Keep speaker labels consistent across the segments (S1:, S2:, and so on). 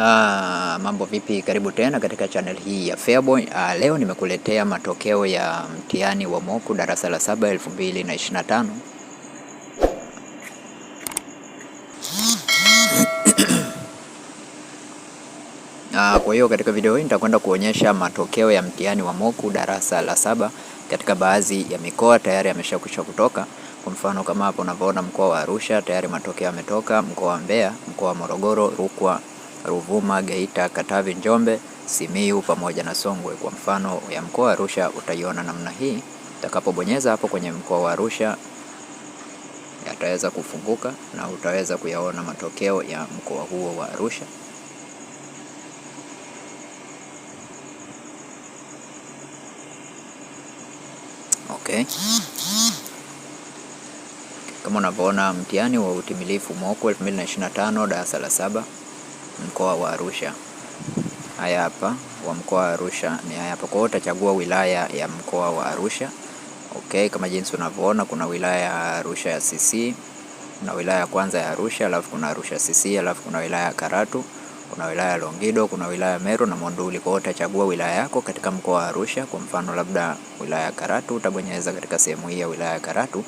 S1: Aa, ah, mambo vipi? Karibu tena katika channel hii ya Feaboy. Aa, ah, leo nimekuletea matokeo ya mtihani wa moku darasa la saba elfu mbili na ishirini na tano. Ah, kwa hiyo katika video hii nitakwenda kuonyesha matokeo ya mtihani wa moku darasa la saba katika baadhi ya mikoa tayari yameshakwisha kutoka. Kwa mfano kama hapo unavyoona, mkoa wa Arusha tayari matokeo yametoka, mkoa wa Mbeya, mkoa wa Morogoro, Rukwa Ruvuma, Geita, Katavi, Njombe, Simiu pamoja na Songwe. Kwa mfano ya mkoa wa Arusha utaiona namna hii. Utakapobonyeza hapo kwenye mkoa wa Arusha yataweza kufunguka na utaweza kuyaona matokeo ya mkoa huo wa Arusha. Okay. Kama unavyoona mtihani wa utimilifu mwako 2025 darasa la saba mkoa wa Arusha. Haya hapa wa mkoa wa Arusha ni haya hapa. Kwa hiyo utachagua wilaya ya mkoa wa Arusha. Okay, kama jinsi unavyoona kuna wilaya ya Arusha ya CC, kuna wilaya ya kwanza ya Arusha, alafu kuna Arusha CC, alafu kuna wilaya ya Karatu, kuna wilaya ya Longido, kuna wilaya ya Meru na Monduli. Kwa hiyo utachagua wilaya yako katika mkoa wa Arusha. Kwa mfano labda wilaya ya Karatu, utabonyeza katika sehemu hii ya wilaya ya Karatu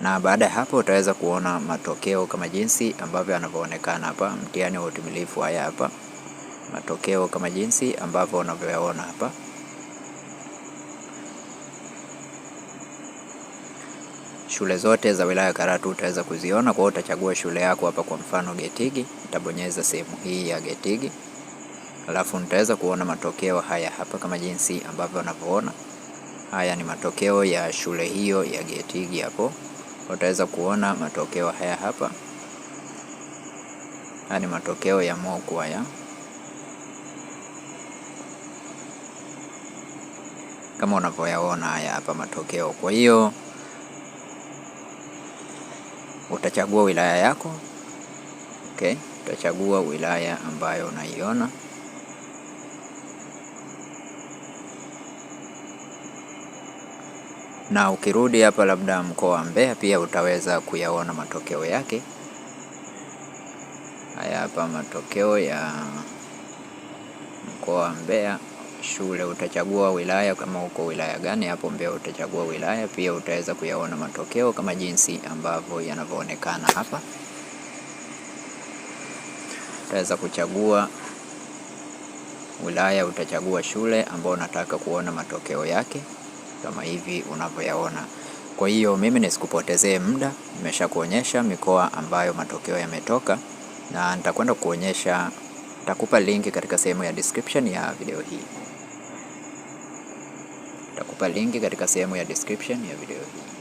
S1: na baada ya hapo utaweza kuona matokeo kama jinsi ambavyo yanavyoonekana hapa, mtihani wa utimilifu. Haya hapa matokeo kama jinsi ambavyo unavyoyaona hapa. Shule zote za wilaya Karatu utaweza kuziona, kwa hiyo utachagua shule yako hapa. Kwa mfano Getigi, nitabonyeza sehemu hii ya Getigi, alafu nitaweza kuona matokeo haya hapa kama jinsi ambavyo unavyoona. Haya ni matokeo ya shule hiyo ya Getigi hapo utaweza kuona matokeo haya hapa. Haya ni matokeo ya MOOC haya. Kama unavyoyaona haya hapa matokeo. Kwa hiyo utachagua wilaya yako. Okay, utachagua wilaya ambayo unaiona. na ukirudi hapa labda mkoa wa Mbeya pia utaweza kuyaona matokeo yake. Haya hapa matokeo ya mkoa wa Mbeya shule, utachagua wilaya kama uko wilaya gani hapo Mbeya, utachagua wilaya pia utaweza kuyaona matokeo kama jinsi ambavyo yanavyoonekana hapa. Utaweza kuchagua wilaya, utachagua shule ambayo unataka kuona matokeo yake kama hivi unavyoyaona. Kwa hiyo mimi nisikupotezee muda, nimeshakuonyesha mikoa ambayo matokeo yametoka, na nitakwenda kuonyesha, nitakupa link katika sehemu ya description ya video hii. Nitakupa link katika sehemu ya description ya video hii.